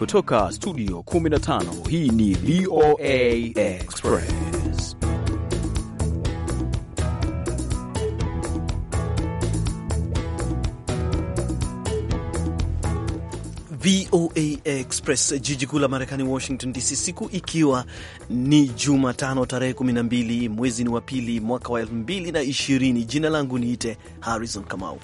kutoka studio 15 hii ni VOA Express. VOA Express, jiji kuu la Marekani, Washington DC, siku ikiwa ni Jumatano tarehe 12 mwezi ni wa pili mwaka wa 2020. Jina langu niite Harrison Kamau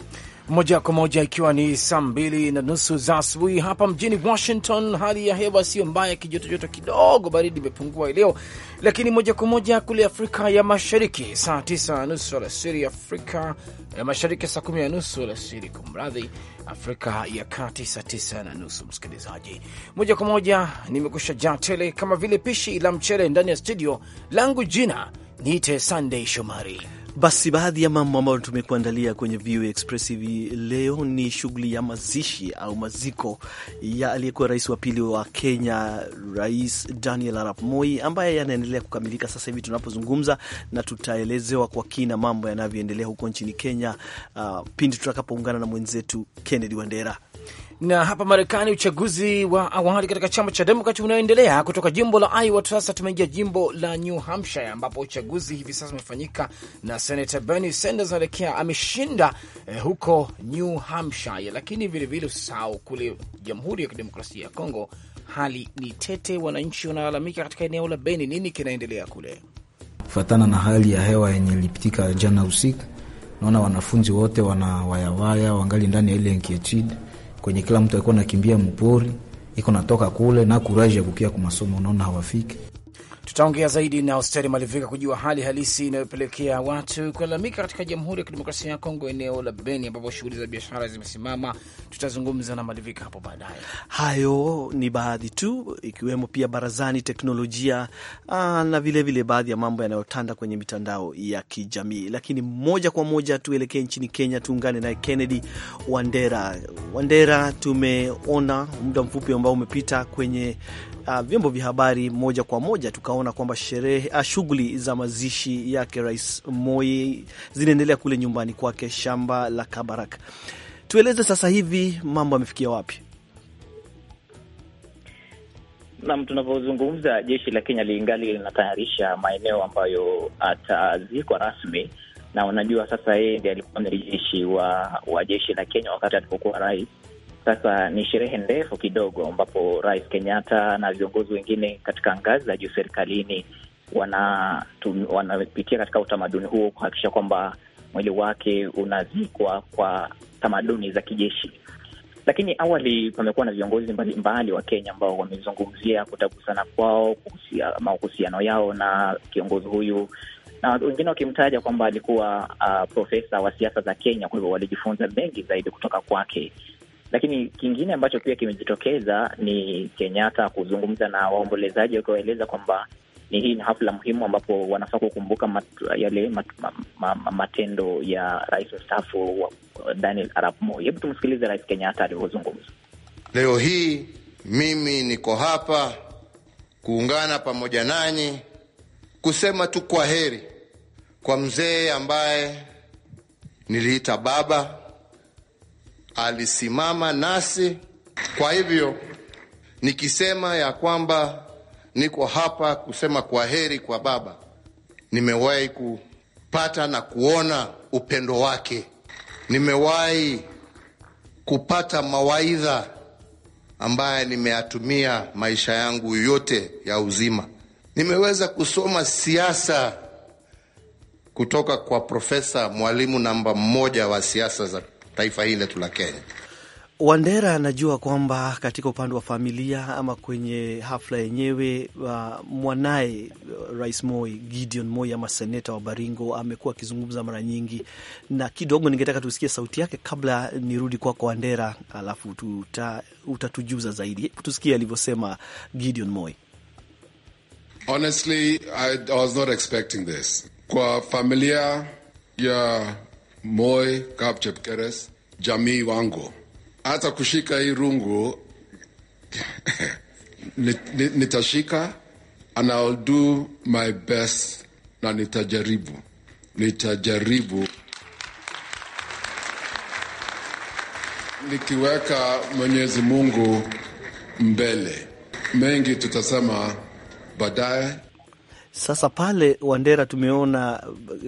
moja kwa moja ikiwa ni saa mbili na nusu za asubuhi hapa mjini Washington. Hali ya hewa sio mbaya, kijotojoto kidogo, baridi imepungua leo, lakini moja kwa moja kule Afrika ya Mashariki, saa tisa na nusu alasiri Afrika ya Mashariki, saa kumi na nusu alasiri kumradhi, Afrika ya Kati saa tisa na nusu. Msikilizaji, moja kwa moja nimekusha jaa tele kama vile pishi la mchele ndani ya studio langu, jina niite Sunday Shomari basi baadhi ya mambo ambayo tumekuandalia kwenye VOA Express hivi leo ni shughuli ya mazishi au maziko ya aliyekuwa rais wa pili wa Kenya, Rais Daniel Arap Moi, ambaye yanaendelea kukamilika sasa hivi tunapozungumza, na tutaelezewa kwa kina mambo yanavyoendelea huko nchini Kenya uh, pindi tutakapoungana na mwenzetu Kennedy Wandera. Na hapa Marekani, uchaguzi wa awali katika chama cha Demokrat unaoendelea kutoka jimbo la Iowa. Sasa tumeingia jimbo la New Hampshire ambapo uchaguzi hivi sasa umefanyika na Senator Bernie Sanders anaelekea ameshinda eh, huko New Hampshire, lakini vilevile usisahau kule Jamhuri ya Kidemokrasia ya Kongo hali ni tete, wananchi wanalalamika. Katika eneo la Beni, nini kinaendelea kule? Kufatana na hali ya hewa yenye ilipitika jana usiku, naona wanafunzi wote wana wayawaya wangali ndani ya ile nketid kwenye kila mtu alikuwa nakimbia mpori iko natoka kule na kuraji ya kukia kumasomo, unaona hawafiki Tutaongea zaidi na Austeri Malivika kujua hali halisi inayopelekea watu kulalamika katika Jamhuri ya Kidemokrasia ya Kongo, eneo la Beni ambapo shughuli za biashara zimesimama. Tutazungumza na Malivika hapo baadaye. Hayo ni baadhi tu, ikiwemo pia barazani, teknolojia aa, ah, na vilevile baadhi ya mambo yanayotanda kwenye mitandao ya kijamii. Lakini moja kwa moja tuelekee nchini Kenya, tuungane naye Kennedy Wandera. Wandera, tumeona muda mfupi ambao umepita kwenye aa, ah, vyombo vya habari moja kwa moja tukaona tunaona kwamba sherehe, ah, shughuli za mazishi yake Rais Moi zinaendelea kule nyumbani kwake shamba la Kabarak. Tueleze sasa hivi mambo yamefikia wapi? Nam, tunavyozungumza jeshi la Kenya lingali linatayarisha maeneo ambayo ah, atazikwa rasmi, na unajua sasa yeye ndiye alikuwa mjeshi wa, wa jeshi la Kenya wakati alipokuwa rais sasa ni sherehe ndefu kidogo, ambapo Rais Kenyatta na viongozi wengine katika ngazi za juu serikalini wanapitia wana katika utamaduni huo kuhakikisha kwamba mwili wake unazikwa kwa tamaduni za kijeshi. Lakini awali pamekuwa na viongozi mbalimbali wa Kenya ambao wamezungumzia kutagusana kwao, mahusiano yao na kiongozi huyu, na wengine wakimtaja kwamba alikuwa uh, profesa wa siasa za Kenya. Kwa hivyo walijifunza mengi zaidi kutoka kwake. Lakini kingine ambacho pia kimejitokeza ni Kenyatta kuzungumza na waombolezaji wakiwaeleza kwamba ni hii ni hafla muhimu ambapo wanafaa kukumbuka mat, yale mat, ma, ma, ma, matendo ya rais mstaafu wa Daniel Arap Moi. Hebu tumsikilize Rais Kenyatta alivyozungumza leo hii. Mimi niko hapa kuungana pamoja nanyi kusema tu kwa heri kwa mzee ambaye niliita baba alisimama nasi. Kwa hivyo nikisema ya kwamba niko hapa kusema kwa heri kwa baba, nimewahi kupata na kuona upendo wake, nimewahi kupata mawaidha ambaye nimeyatumia maisha yangu yote ya uzima. Nimeweza kusoma siasa kutoka kwa profesa, mwalimu namba mmoja wa siasa za taifa hili letu la Kenya. Wandera anajua kwamba katika upande wa familia ama kwenye hafla yenyewe uh, mwanaye uh, Rais Moi, Gideon Moi ama seneta wa Baringo amekuwa akizungumza mara nyingi, na kidogo ningetaka tusikie sauti yake kabla nirudi kwako kwa Wandera, alafu tuta, utatujuza zaidi. Tusikie alivyosema Gideon Moi. Honestly, I, I was not expecting this. Kwa familia ya Moi Kap Chepkeres, jamii wangu, hata kushika hii rungu nitashika and I'll do my best, na nitajaribu, nitajaribu nikiweka Mwenyezi Mungu mbele. Mengi tutasema baadaye, sasa pale Wandera tumeona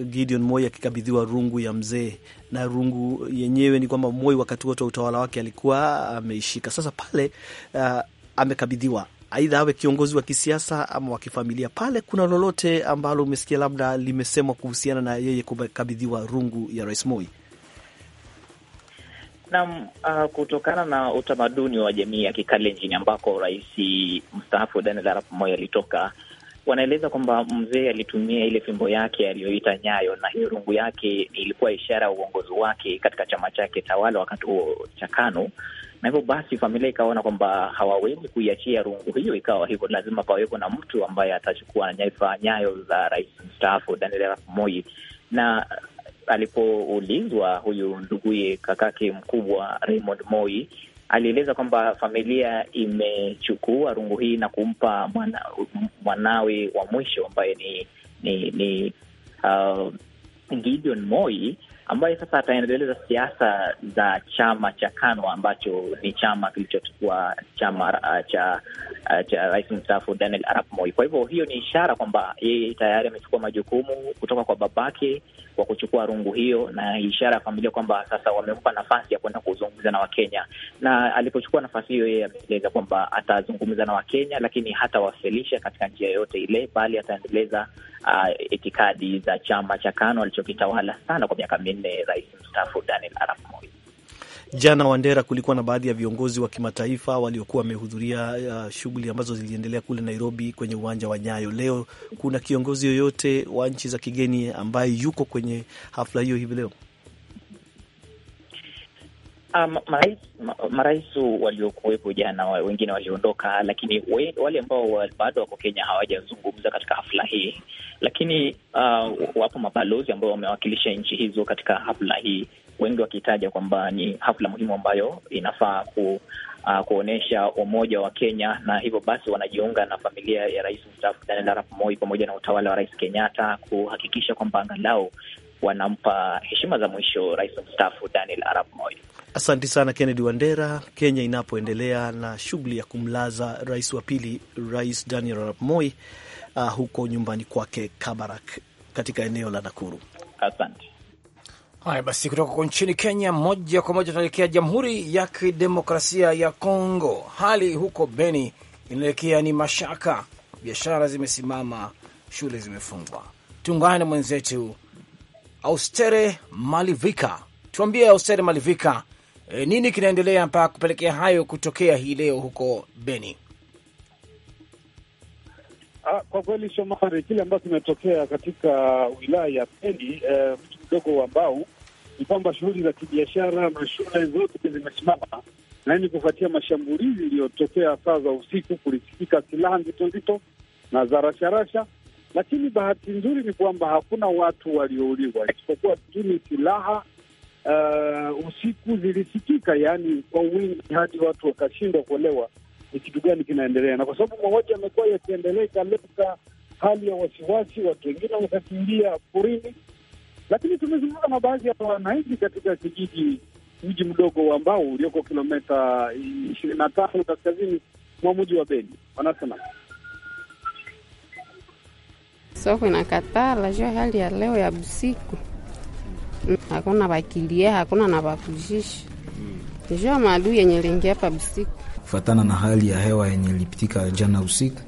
Gideon Moi akikabidhiwa rungu ya mzee, na rungu yenyewe ni kwamba Moi wakati wote wa utawala wake alikuwa ameishika. Sasa pale uh, amekabidhiwa aidha awe kiongozi wa kisiasa ama wa kifamilia. Pale kuna lolote ambalo umesikia labda limesemwa kuhusiana na yeye kukabidhiwa rungu ya Rais Moi? Naam, uh, kutokana na utamaduni wa jamii ya Kikalenjin ambako rais mstaafu Daniel Arap Moi alitoka wanaeleza kwamba mzee alitumia ile fimbo yake aliyoita Nyayo, na hiyo rungu yake ilikuwa ishara ya uongozi wake katika chama chake tawala wakati huo cha KANU, na hivyo basi familia ikaona kwamba hawawezi kuiachia rungu hiyo ikawa hivyo, lazima pawepo na mtu ambaye atachukua nyaifa nyayo za rais mstaafu Daniel Arap Moi. Na alipoulizwa huyu nduguye, kakake mkubwa Raymond Moi alieleza kwamba familia imechukua rungu hii na kumpa mwana, mwanawe wa mwisho ambaye ni ni, ni uh, Gideon Moi ambaye sasa ataendeleza siasa za chama cha KANU ambacho ni chama kilichochukua chama uh, cha uh, cha rais mstaafu Daniel Arap Moi. Kwa hivyo hiyo ni ishara kwamba yeye tayari amechukua majukumu kutoka kwa babake kwa kuchukua rungu hiyo, na ishara ya familia kwamba sasa wamempa nafasi ya kwenda kuzungumza na Wakenya. Na alipochukua nafasi hiyo, yeye ameeleza kwamba atazungumza na Wakenya, lakini hatawasilisha katika njia yoyote ile, bali ataendeleza uh, itikadi za chama cha KANU alichokitawala sana kwa miaka minne, rais mstaafu Daniel Arap Moi. Jana Wandera, kulikuwa na baadhi ya viongozi wa kimataifa waliokuwa wamehudhuria uh, shughuli ambazo ziliendelea kule Nairobi kwenye uwanja wa Nyayo. Leo kuna kiongozi yoyote wa nchi za kigeni ambaye yuko kwenye hafla hiyo hivi leo? Um, marais, marais waliokuwepo jana, wengine waliondoka, lakini we, wale ambao bado wako Kenya hawajazungumza katika hafla hii, lakini uh, wapo mabalozi ambao wamewakilisha nchi hizo katika hafla hii wengi wakitaja kwamba ni hafla muhimu ambayo inafaa ku Uh, kuonyesha umoja wa Kenya na hivyo basi wanajiunga na familia ya rais mstaafu Daniel Arap Moi pamoja na utawala wa Rais Kenyatta kuhakikisha kwamba angalau wanampa heshima za mwisho rais mstaafu Daniel Arap Moi. Asante sana Kennedy Wandera. Kenya inapoendelea na shughuli ya kumlaza rais wa pili, Rais Daniel Arap Moi, uh, huko nyumbani kwake Kabarak katika eneo la Nakuru. Asante. Haya basi, kutoka kwa nchini Kenya moja kwa moja tunaelekea Jamhuri ya Kidemokrasia ya Kongo. Hali huko Beni inaelekea ni mashaka, biashara zimesimama, shule zimefungwa. Tuungane na mwenzetu Austere Malivika, tuambie Austere Malivika, e, nini kinaendelea mpaka kupelekea hayo kutokea hii leo huko Beni? Ah, kwa kweli Shomari, kile ambacho kimetokea katika wilaya ya Peni, eh, mji mdogo wa Mbau, ni kwamba shughuli za kibiashara na shule zote zimesimama, na hii ni kufuatia mashambulizi iliyotokea saa za usiku. Kulisikika silaha nzito nzito na za rasharasha, lakini bahati nzuri ni kwamba hakuna watu waliouliwa isipokuwa tu ni silaha uh, usiku zilisikika, yaani kwa wingi hadi watu wakashindwa kuelewa ni kitu gani kinaendelea, na kwa sababu mauaji yamekuwa yakiendelea, ikaleta hali ya wasiwasi, watu wengine wakakimbia porini. Lakini tumezungumza na baadhi ya wananchi katika kijiji, mji mdogo wa mbao ulioko kilometa ishirini na tano kaskazini mwa mji wa Beni, wanasema soko inakataa lajua hali ya leo ya busiku, hakuna bakilia, hakuna na bakujisha jua maadui yenye lingi hapa busiku kufatana na hali ya hewa yenye ilipitika jana usiku.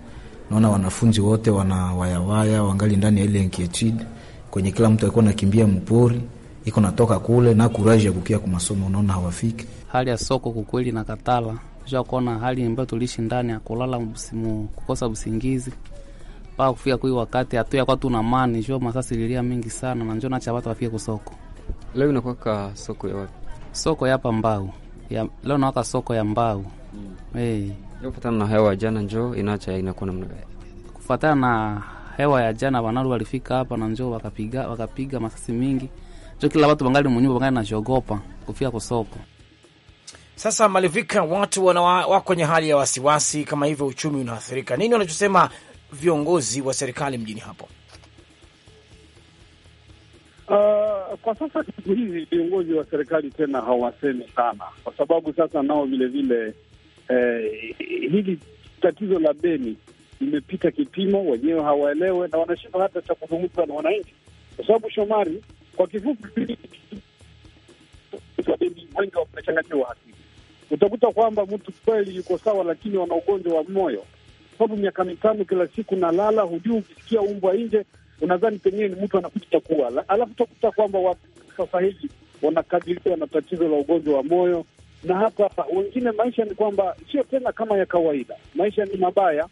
Naona wanafunzi wote wana wayawaya, wangali ndani ya ile inquietude kwenye kila mtu alikuwa nakimbia mpori iko natoka kule na kuraji ya kukia kumasomo, unaona hawafiki. Hali ya soko kukweli na katala sha kuona hali ambayo tuliishi ndani ya kulala msimu, kukosa usingizi mpaka kufika kui wakati hatu yakwa na mani sho masasi lilia mingi sana na njo nacha watu wafike kusoko. Leo inakuwa soko ya wapi? Soko ya hapa mbao ya leo nawaka soko ya mbau mm. Hey. Kufatana na hewa ya jana njo inacha inakuwa namna gani? Kufatana na hewa ya jana, wanaru walifika hapa na njo wakapiga wakapiga masasi mingi, njo kila watu wangali munyumba wangali nashogopa kufika kusoko. Sasa malivika, watu wa kwenye hali ya wasiwasi kama hivyo, uchumi unaathirika. Nini wanachosema viongozi wa serikali mjini hapo? Uh, kwa sasa siku hizi viongozi wa serikali tena hawasemi sana, kwa sababu sasa nao vilevile eh, hili tatizo la deni limepita kipimo, wenyewe hawaelewe na wanashindwa hata cha kuzungumza na wananchi, kwa sababu Shomari, kwa kifupi, wengi wamechanganyiwa akili. Utakuta kwamba mtu kweli yuko sawa, lakini wana ugonjwa wa moyo, sababu miaka mitano kila siku nalala, hujui, ukisikia umbwa nje unadhani pengine ni mtu anakuja kuwa, alafu utakuta kwamba sasa hivi wanakabiliwa na tatizo la ugonjwa wa moyo na hata wengine maisha ni kwamba sio tena kama ya kawaida, maisha ni mabaya,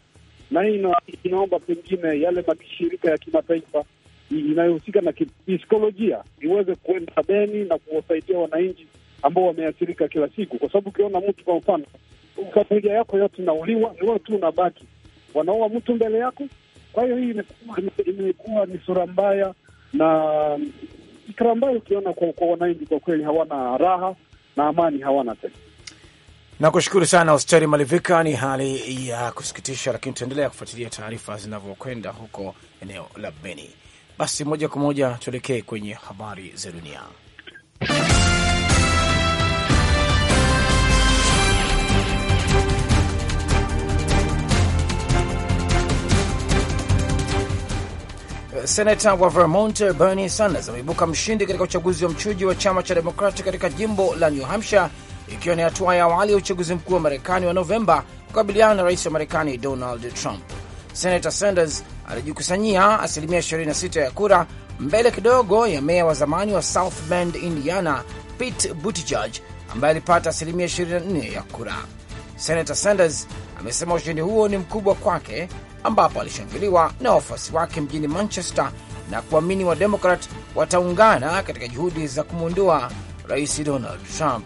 na hii inaomba pengine yale mashirika ya kimataifa inayohusika na kipsikolojia iweze kuenda beni na kuwasaidia wananchi ambao wameathirika kila siku, kwa sababu ukiona mtu kwa mfano familia yako yote inauliwa, ni wewe tu unabaki, wanaua mtu mbele yako. Kwa hiyo hii imekuwa ni sura mbaya na fikra mbaya, ukiona kwa wananchi, kwa kweli hawana raha na amani hawana tena. Nakushukuru sana Osteri Malivika. Ni hali ya kusikitisha, lakini tutaendelea kufuatilia taarifa zinavyokwenda huko eneo la Beni. Basi moja kwa moja tuelekee kwenye habari za dunia. Senata wa Vermont Bernie Sanders ameibuka mshindi katika uchaguzi wa mchuji wa chama cha Demokrati katika jimbo la New Hampshire, ikiwa ni hatua ya awali ya uchaguzi mkuu wa Marekani wa Novemba kukabiliana na rais wa Marekani Donald Trump. Senata Sanders alijikusanyia asilimia 26 ya kura, mbele kidogo ya meya wa zamani wa South Bend, Indiana, Pete Buttigieg ambaye alipata asilimia 24 ya kura. Senata Sanders amesema ushindi huo ni mkubwa kwake ambapo alishambuliwa na wafuasi wake mjini Manchester na kuamini Wademokrat wataungana katika juhudi za kumwondoa Rais Donald Trump.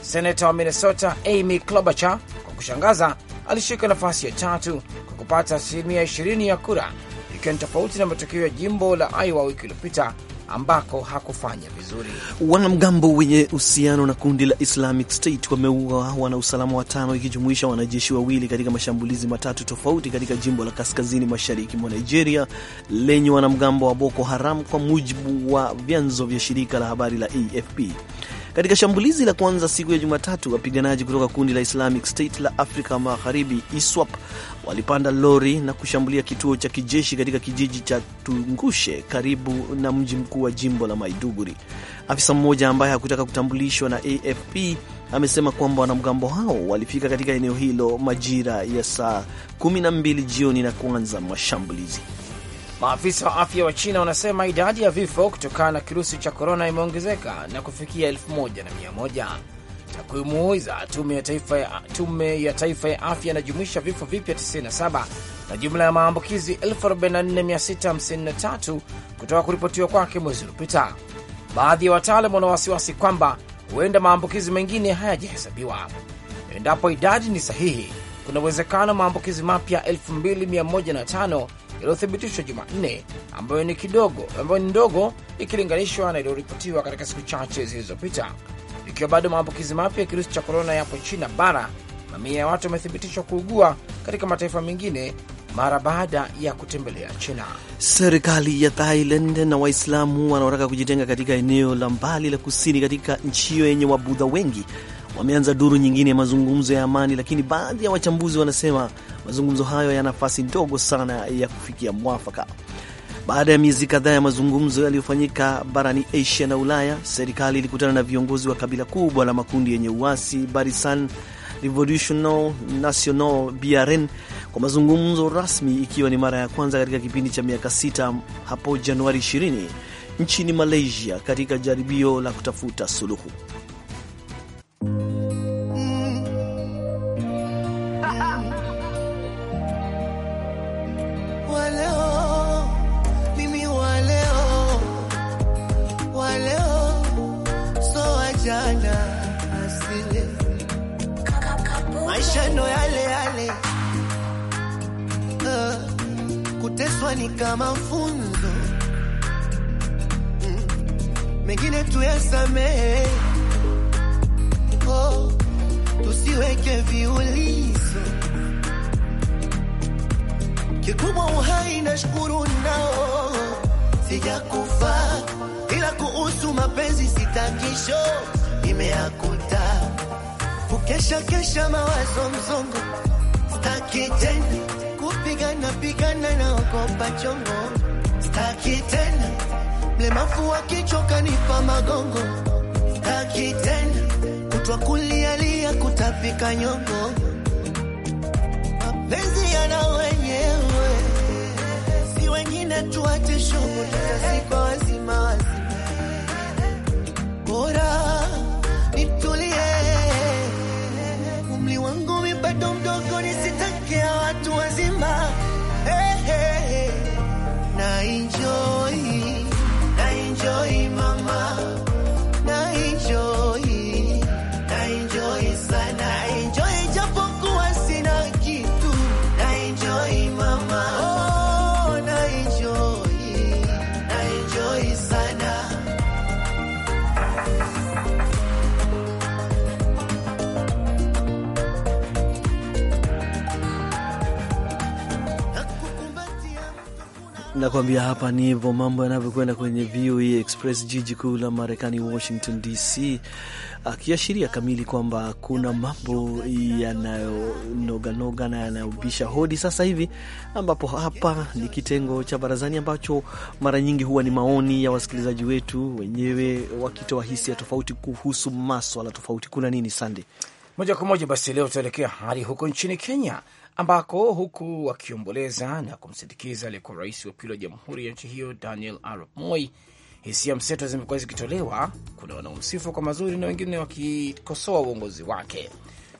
Senata wa Minnesota Amy Klobuchar kwa kushangaza alishika nafasi ya tatu kwa kupata asilimia 20 ya kura, ikiwa ni tofauti na matokeo ya jimbo la Iowa wiki iliyopita ambako hakufanya vizuri. Wanamgambo wenye uhusiano na kundi la Islamic State wameua usalama watano ikijumuisha wanajeshi wawili katika mashambulizi matatu tofauti katika jimbo la kaskazini mashariki mwa Nigeria lenye wanamgambo wa Boko Haram, kwa mujibu wa vyanzo vya shirika la habari la AFP. Katika shambulizi la kwanza siku ya Jumatatu, wapiganaji kutoka kundi la Islamic State la Afrika Magharibi ISWAP walipanda lori na kushambulia kituo cha kijeshi katika kijiji cha Tungushe karibu na mji mkuu wa jimbo la Maiduguri. Afisa mmoja ambaye hakutaka kutambulishwa na AFP amesema kwamba wanamgambo hao walifika katika eneo hilo majira ya saa 12 jioni na kuanza mashambulizi. Maafisa wa afya wa China wanasema idadi ya vifo kutokana na kirusi cha korona imeongezeka na kufikia 1100. Takwimu za tume ya taifa ya, tume ya taifa ya afya inajumuisha vifo vipya 97 na jumla ya maambukizi 44653 kutoka kuripotiwa kwake mwezi uliopita. Baadhi ya wataalam wana wasiwasi kwamba huenda maambukizi mengine hayajahesabiwa. Endapo idadi ni sahihi, kuna uwezekano maambukizi mapya 2105 yaliyothibitishwa Jumanne, ambayo ni kidogo, ambayo ni ndogo ikilinganishwa na iliyoripotiwa katika siku chache zilizopita, ikiwa bado maambukizi mapya ya kirusi cha korona yapo China bara. Mamia ya watu wamethibitishwa kuugua katika mataifa mengine mara baada ya kutembelea China. Serikali ya Thailand na Waislamu wanaotaka kujitenga katika eneo la mbali la kusini katika nchi hiyo yenye Wabudha wengi wameanza duru nyingine ya mazungumzo ya amani, lakini baadhi ya wachambuzi wanasema mazungumzo hayo yana nafasi ndogo sana ya kufikia mwafaka. Baada ya miezi kadhaa ya mazungumzo yaliyofanyika barani Asia na Ulaya, serikali ilikutana na viongozi wa kabila kubwa la makundi yenye uasi Barisan Revolutional National BRN kwa mazungumzo rasmi, ikiwa ni mara ya kwanza katika kipindi cha miaka sita hapo Januari 20 nchini Malaysia katika jaribio la kutafuta suluhu. na mafunzo mm. mengine tuyasamehe. Oh, tusiweke viulizo. Kikubwa uhai na shukuru nao, sijakufa ila kuhusu mapenzi sitakisho imeakuta kukesha kesha mawazo mzongo stakiteni pigana pigana na wakopa chongo, staki tena mlemavu akichoka nipa magongo, staki tena kutwa kulialia kutapika nyongo, mapenzi yana wenyewe, si wengine tuache shughuli za siku wazima wazima bora Nakwambia hapa ni hivyo mambo yanavyokwenda kwenye VOA Express, jiji kuu la Marekani, Washington DC, akiashiria kamili kwamba kuna mambo yanayonoganoga na yanayobisha hodi sasa hivi, ambapo hapa ni kitengo cha barazani ambacho mara nyingi huwa ni maoni ya wasikilizaji wetu wenyewe wakitoa wa hisia tofauti kuhusu maswala tofauti. Kuna nini Sande? Moja kwa moja basi, leo tutaelekea hadi huko nchini Kenya ambako huku wakiomboleza na kumsindikiza aliyekuwa rais wa pili wa jamhuri ya nchi hiyo Daniel Arap Moi, hisia mseto zimekuwa zikitolewa. Kuna wanaomsifu kwa mazuri na wengine wakikosoa uongozi wake.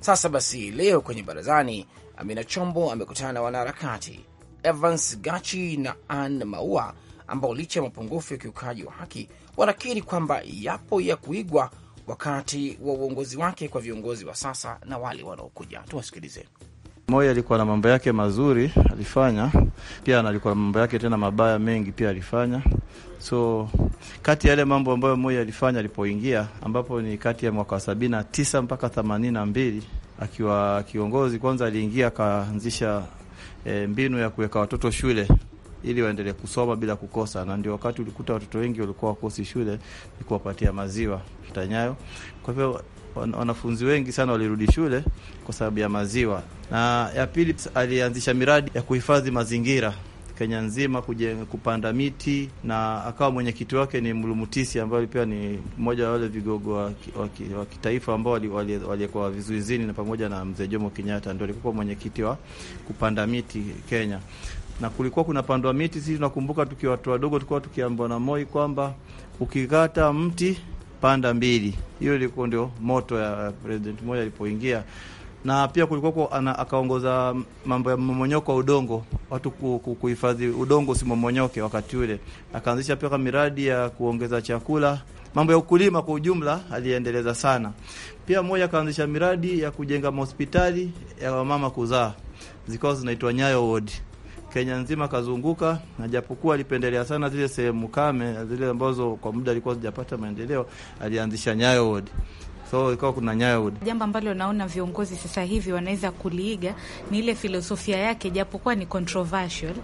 Sasa basi, leo kwenye barazani, Amina Chombo amekutana na wanaharakati Evans Gachi na Ann Maua ambao licha ya mapungufu ya ukiukaji wa haki wanakiri kwamba yapo ya kuigwa wakati wa uongozi wake kwa viongozi wa sasa na wale wanaokuja. Tuwasikilize. Moi alikuwa na mambo yake mazuri alifanya, pia alikuwa na mambo yake tena mabaya mengi pia alifanya. So kati ya yale mambo ambayo Moi alifanya alipoingia, ambapo ni kati ya mwaka sabini na tisa mpaka themanini na mbili akiwa kiongozi, kwanza aliingia akaanzisha e, mbinu ya kuweka watoto shule ili waendelee kusoma bila kukosa, na ndio wakati ulikuta watoto wengi walikuwa wakosi shule, ni kuwapatia maziwa tutanyayo. Kwa hivyo wanafunzi wengi sana walirudi shule kwa sababu ya maziwa. Na ya pili, alianzisha miradi ya kuhifadhi mazingira Kenya nzima kuje kupanda miti na akawa mwenyekiti wake ni Mlumutisi ambaye pia ni mmoja wa wale vigogo wa kitaifa ambao walikuwa vizuizini na pamoja na mzee Jomo Kenyatta, ndio alikuwa mwenyekiti wa kupanda miti Kenya. Na kulikuwa kuna pandwa miti, sisi tunakumbuka tukiwa watu wadogo tulikuwa tukiambiwa na Moi kwamba ukikata mti panda mbili. Hiyo ilikuwa ndio moto ya president Moi alipoingia, na pia kulikuwa akaongoza mambo ya mmomonyoko wa udongo, watu kuhifadhi udongo usimomonyoke. Wakati ule akaanzisha pia miradi ya kuongeza chakula mambo ya ukulima kwa ujumla aliendeleza sana. Pia mmoja akaanzisha miradi ya kujenga mahospitali ya wamama kuzaa, zikawa zinaitwa Nyayo wodi. Kenya nzima kazunguka, na japokuwa alipendelea sana zile sehemu kame, zile ambazo kwa muda alikuwa sijapata maendeleo, alianzisha Nyayo Ward. So ikawa kuna Nyayo. Jambo ambalo naona viongozi sasa hivi wanaweza kuliiga ni ile filosofia yake, japokuwa ni controversial,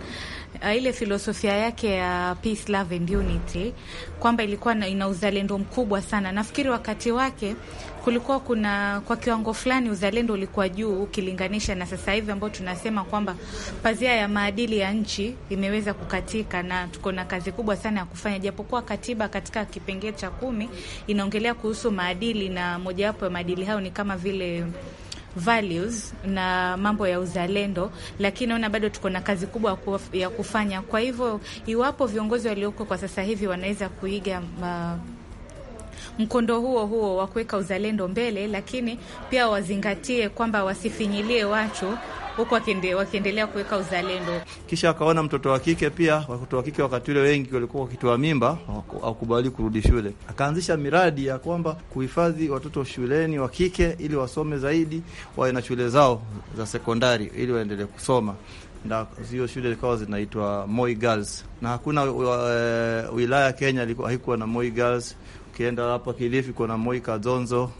ah, ile filosofia yake ya peace, love and unity, kwamba ilikuwa ina uzalendo mkubwa sana. Nafikiri wakati wake kulikuwa kuna kwa kiwango fulani uzalendo ulikuwa juu ukilinganisha na sasa hivi ambao tunasema kwamba pazia ya maadili ya nchi imeweza kukatika, na tuko na kazi kubwa sana ya kufanya, japokuwa katiba katika kipengee cha kumi inaongelea kuhusu maadili, na mojawapo ya maadili hayo ni kama vile values na mambo ya uzalendo, lakini naona bado tuko na kazi kubwa ya kufanya. Kwa hivyo iwapo viongozi walioko kwa sasa hivi wanaweza kuiga uh, mkondo huo huo wa kuweka uzalendo mbele, lakini pia wazingatie kwamba wasifinyilie watu huku wakiendelea kuweka uzalendo. Kisha wakaona mtoto wa kike pia, watoto wa kike wakati ule wengi walikuwa wakitoa mimba, hawakubali kurudi shule. Akaanzisha miradi ya kwamba kuhifadhi watoto shuleni wa kike ili wasome zaidi, wawe na shule zao za sekondari ili waendelee kusoma na hiyo shule zikawa zinaitwa Moi Girls, na hakuna e, wilaya Kenya haikuwa na Moi Girls. Ukienda hapa Kilifi kuna Moi kazonzo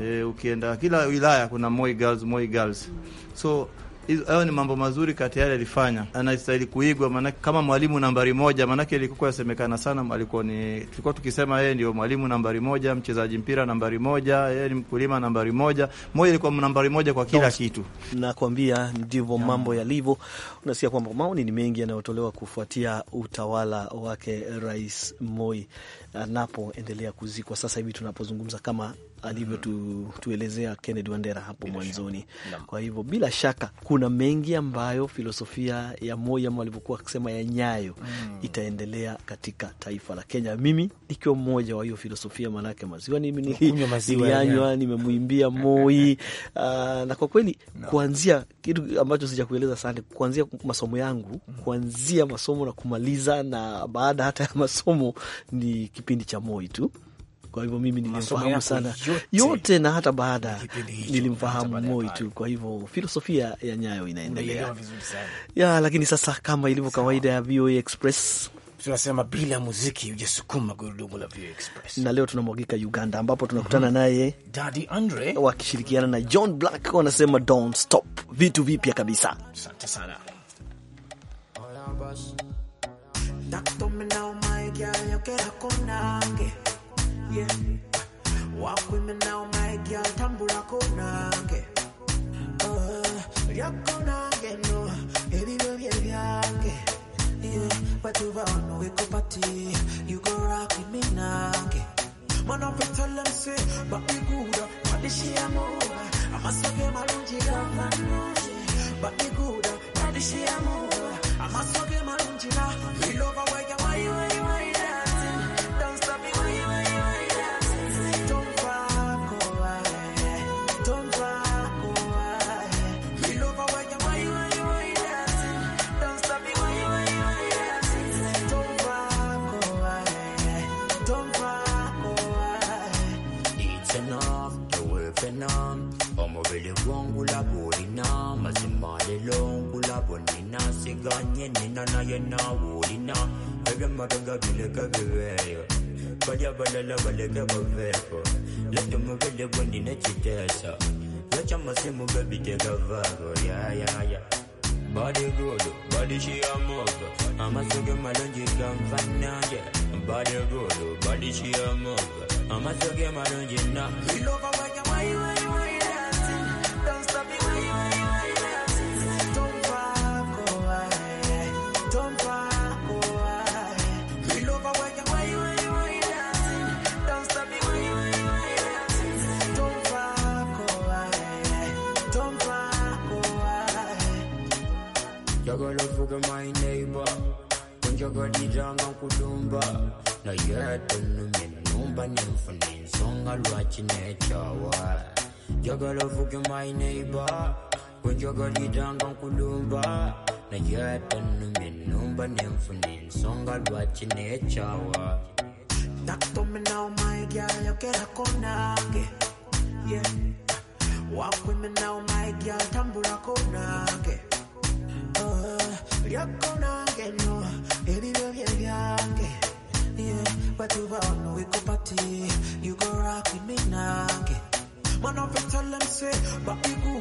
e, eh, ukienda kila wilaya kuna Moi Girls, Moi Girls so hayo ni mambo mazuri kati yale alifanya, anastahili kuigwa, maanake kama mwalimu nambari moja, maanake ilikuwa yasemekana sana, alikuwa ni tulikuwa tukisema yeye ndio mwalimu nambari moja, mchezaji mpira nambari moja, yeye ni mkulima nambari moja, moja ilikuwa nambari moja kwa kila Don't. kitu. Nakwambia ndivyo mambo yalivyo. Unasikia kwamba maoni ni mengi yanayotolewa kufuatia utawala wake Rais Moi anapoendelea kuzikwa sasa hivi tunapozungumza kama alivyotuelezea tu, Kennedy Wandera hapo mwanzoni. Kwa hivyo bila shaka kuna mengi ambayo filosofia ya Moyam alivyokuwa akisema ya nyayo mm. itaendelea katika taifa la Kenya, mimi nikiwa mmoja wa hiyo filosofia, manake maziwa nilianywa, nimemwimbia Moi uh, na kwa kweli no. kuanzia kitu ambacho sijakueleza, sana, kuanzia masomo yangu, mm. kuanzia masomo na kumaliza na baada hata ya masomo ni kipindi cha Moi tu kwa hivyo mimi nilimfahamu sana yote, yote na hata baada nilimfahamu Moi tu. Kwa hivyo filosofia ya Nyayo inaendelea ya, lakini sasa kama ilivyo kawaida ya VOA Express tunasema bila muziki hujasukuma gurudumu la View Express. Na leo tunamwagika Uganda, ambapo tunakutana mm -hmm. naye Daddy Andre wakishirikiana na John Black wanasema don't stop, vitu vipya kabisa. Asante sana. yeah. Walk with me now, my girl, tambula konange. Uh, lyakonange no, ebibyo bye byange. Yeah, batuba ono wekopati, you go rock with me nange. Mwana petala mse, bakigura, badishia muba. Amasage malungi gavano, bakigura, badishia muba. Amasage bwo nina kiteesa yakyamasimu bebi tegavaako yayaya body good body she a move amaso ge malungi gamvanange body good body she a move amaso ge malungi na jogori dangan kulumba na yatanu minumba nemfuni nsonga lwachine echawa nakutome nawo maigya yokerako nange yeah. wakwime nawo maigya tambulako nange uh, uh-huh. lyako nange no ebibyo bye byange yeah. batuba ono wikupati you go rock with me nange mwana vetolem se bakikuwa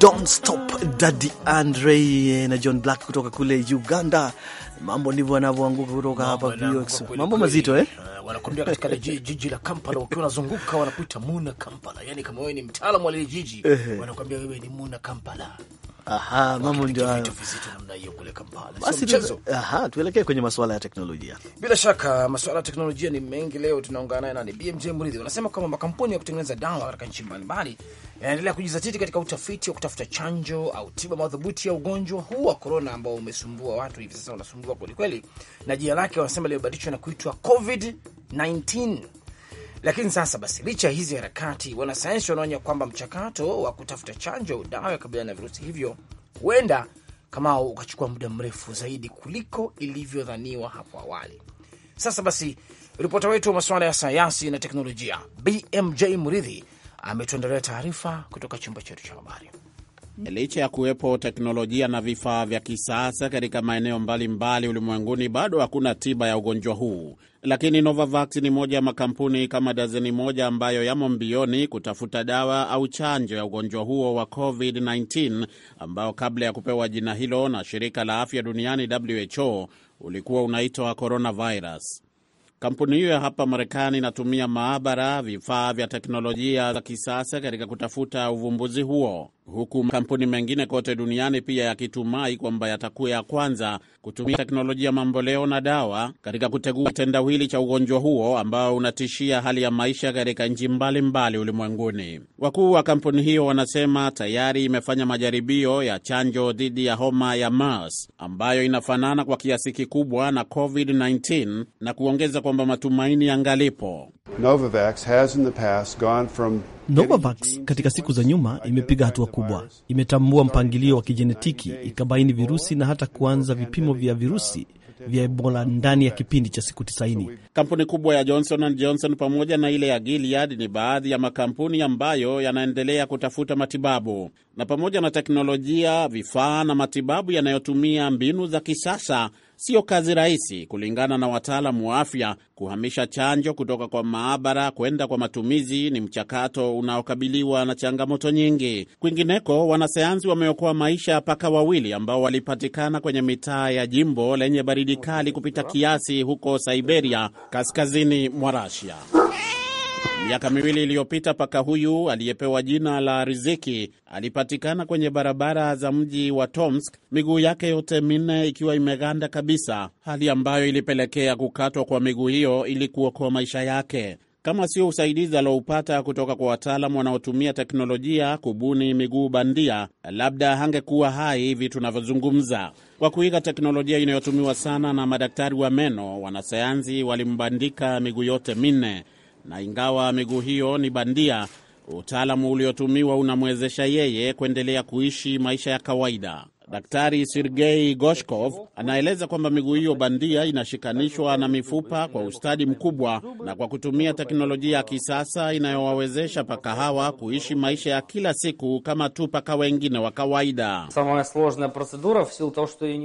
Don't Stop Daddy Andre na John Black kutoka kule Uganda. Mambo ndivyo yanavyoanguka kutoka hapa, mambo mazito eh? wanakuambia katika jiji la Kampala, ukiwa unazunguka wanakuita Muna Kampala. Yani kama wewe ni mtaalamu wa lile jiji, wanakuambia wewe ni Muna Kampala. Aha, mambo ndio hayo. Basi aha, tuelekee kwenye masuala ya teknolojia. Bila shaka masuala ya teknolojia ni mengi leo, tunaungana naye nani, BMJ Mridhi. Wanasema kwamba makampuni ya kutengeneza dawa katika nchi mbalimbali yanaendelea kujizatiti katika utafiti wa kutafuta chanjo au tiba madhubuti ya ugonjwa huu wa korona ambao umesumbua watu hivi sasa, unasumbua kwelikweli, na jina lake wanasema limebadilishwa na kuitwa COVID 19 lakini sasa basi, licha ya hizi harakati, wanasayansi wanaonya kwamba mchakato wa kutafuta chanjo dawa ya kabiliana na virusi hivyo huenda kama ukachukua muda mrefu zaidi kuliko ilivyodhaniwa hapo awali. Sasa basi, ripota wetu wa masuala ya sayansi na teknolojia BMJ Muridhi ametuandalia taarifa kutoka chumba chetu cha habari. E, licha ya kuwepo teknolojia na vifaa vya kisasa katika maeneo mbalimbali ulimwenguni, bado hakuna tiba ya ugonjwa huu. Lakini Novavax ni moja ya makampuni kama dazeni moja ambayo yamo mbioni kutafuta dawa au chanjo ya ugonjwa huo wa COVID-19 ambao kabla ya kupewa jina hilo na shirika la afya duniani WHO ulikuwa unaitwa coronavirus. Kampuni hiyo ya hapa Marekani inatumia maabara, vifaa vya teknolojia za kisasa katika kutafuta uvumbuzi huo huku makampuni mengine kote duniani pia yakitumai kwamba yatakuwa ya kwanza kutumia teknolojia mamboleo na dawa katika kutegua tendawili cha ugonjwa huo ambao unatishia hali ya maisha katika nchi mbalimbali ulimwenguni. Wakuu wa kampuni hiyo wanasema tayari imefanya majaribio ya chanjo dhidi ya homa ya MERS ambayo inafanana kwa kiasi kikubwa na COVID-19 na kuongeza kwamba matumaini yangalipo. Novavax has in the past gone from Novavax katika siku za nyuma imepiga hatua kubwa. Imetambua mpangilio wa kijenetiki, ikabaini virusi na hata kuanza vipimo vya virusi vya Ebola ndani ya kipindi cha siku 90. Kampuni kubwa ya Johnson and Johnson pamoja na ile ya Gilead ni baadhi ya makampuni ambayo yanaendelea kutafuta matibabu, na pamoja na teknolojia, vifaa na matibabu yanayotumia mbinu za kisasa Sio kazi rahisi, kulingana na wataalamu wa afya. Kuhamisha chanjo kutoka kwa maabara kwenda kwa matumizi ni mchakato unaokabiliwa na changamoto nyingi. Kwingineko, wanasayansi wameokoa maisha ya paka wawili ambao walipatikana kwenye mitaa ya jimbo lenye baridi kali kupita kiasi huko Siberia, kaskazini mwa Rasia. Miaka miwili iliyopita paka huyu aliyepewa jina la Riziki alipatikana kwenye barabara za mji wa Tomsk, miguu yake yote minne ikiwa imeganda kabisa, hali ambayo ilipelekea kukatwa kwa miguu hiyo ili kuokoa maisha yake. Kama sio usaidizi alioupata kutoka kwa wataalamu wanaotumia teknolojia kubuni miguu bandia, labda hangekuwa hai hivi tunavyozungumza. Kwa kuiga teknolojia inayotumiwa sana na madaktari wa meno, wanasayansi walimbandika miguu yote minne na ingawa miguu hiyo ni bandia, utaalamu uliotumiwa unamwezesha yeye kuendelea kuishi maisha ya kawaida. Daktari Sergei Goshkov anaeleza kwamba miguu hiyo bandia inashikanishwa na mifupa kwa ustadi mkubwa na kwa kutumia teknolojia ya kisasa inayowawezesha paka hawa kuishi maisha ya kila siku kama tu paka wengine wa kawaida.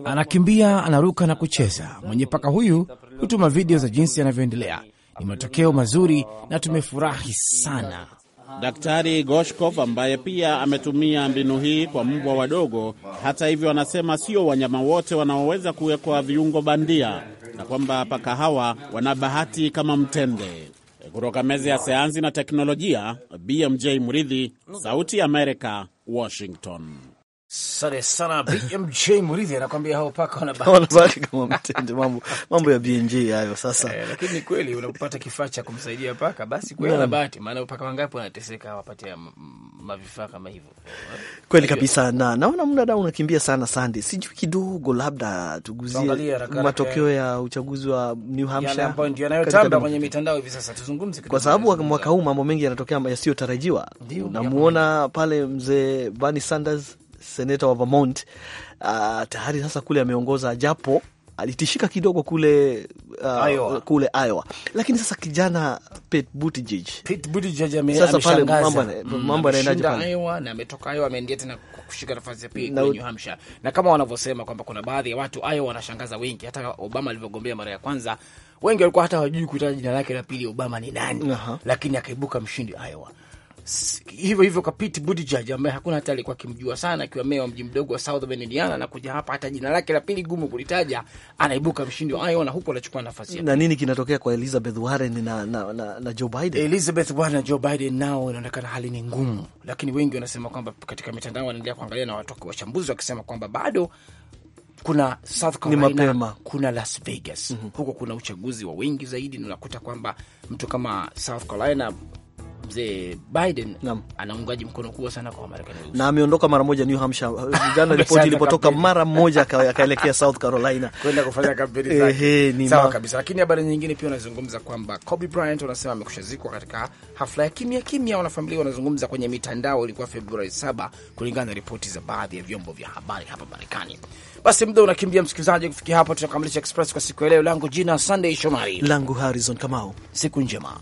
Anakimbia, anaruka na kucheza. Mwenye paka huyu hutuma video za jinsi anavyoendelea ni matokeo mazuri na tumefurahi sana. Daktari Goshkov ambaye pia ametumia mbinu hii kwa mbwa wadogo, hata hivyo, anasema sio wanyama wote wanaoweza kuwekwa viungo bandia na kwamba paka hawa wana bahati kama mtende. Kutoka meza ya sayansi na teknolojia, BMJ Mridhi, Sauti ya Amerika, Washington. Asante sana BMJ anakwambia hao paka wanabaki kama mtende. Mambo mambo ya BMJ hayo sasa. Eh, lakini kweli kifaa cha kumsaidia paka basi kweli maana paka wangapi wanateseka hawapate mavifaa kama hivyo. Kweli kabisa, na naona muda unakimbia sana sande Sijui kidogo, labda tuguzie matokeo ya uchaguzi wa New Hampshire ndio yanayotamba kwenye mitandao hivi sasa. Tuzungumze kwa sababu mwaka huu mambo mengi yanatokea yasiyotarajiwa. namuona pale mzee Bernie Sanders seneta wa Vermont, uh, tayari sasa kule ameongoza japo alitishika kidogo kule, uh, Iowa. Kule Iowa, lakini sasa kijana Pete Buttigieg, Pete Buttigieg ame, sasa pale mambo yanaendaje mm. pale Iowa, na ametoka Iowa tena kushika nafasi ya pili New Hampshire, na kama wanavyosema kwamba kuna baadhi ya watu Iowa wanashangaza wengi, hata Obama alivyogombea mara ya kwanza wengi walikuwa hata hawajui kuitaa jina lake la pili Obama ni nani. uh -huh. Lakini akaibuka mshindi Iowa hivyo hivyo kwa Pete Buttigieg ambaye hakuna hata alikuwa akimjua sana, akiwa meya wa mji mdogo wa South Bend, Indiana, na kuja hapa hata jina lake la pili gumu kulitaja, anaibuka mshindi wa Iowa na huku anachukua nafasi yake. Na nini kinatokea kwa Elizabeth Warren na, na, na, na Joe Biden? Elizabeth Warren na Joe Biden nao inaonekana hali ni ngumu, lakini wengi wanasema kwamba katika mitandao wanaendelea kuangalia na watoka wachambuzi wakisema kwamba bado kuna South Carolina, kuna Las Vegas. mm -hmm. Huko kuna uchaguzi wa wengi zaidi, na unakuta kwamba mtu kama South Carolina mzee Biden anaungaji mkono kubwa sana kwa Marekani na ameondoka mara moja New Hampshire jana ripoti ilipotoka mara moja akaelekea South Carolina kwenda kufanya kampeni zake. Eh, eh, ni Sawa kabisa, lakini habari nyingine pia wanazungumza kwamba Kobe Bryant wanasema amekushazikwa katika hafla ya kimya kimya, wanafamilia wanazungumza kwenye mitandao. Ilikuwa Februari 7 kulingana na ripoti za baadhi ya vyombo vya habari hapa Marekani. Basi muda unakimbia, msikilizaji. Kufikia hapo tunakamilisha Express kwa siku ya leo. Langu jina Sunday Shomari, langu Harrison Kamau. Siku njema.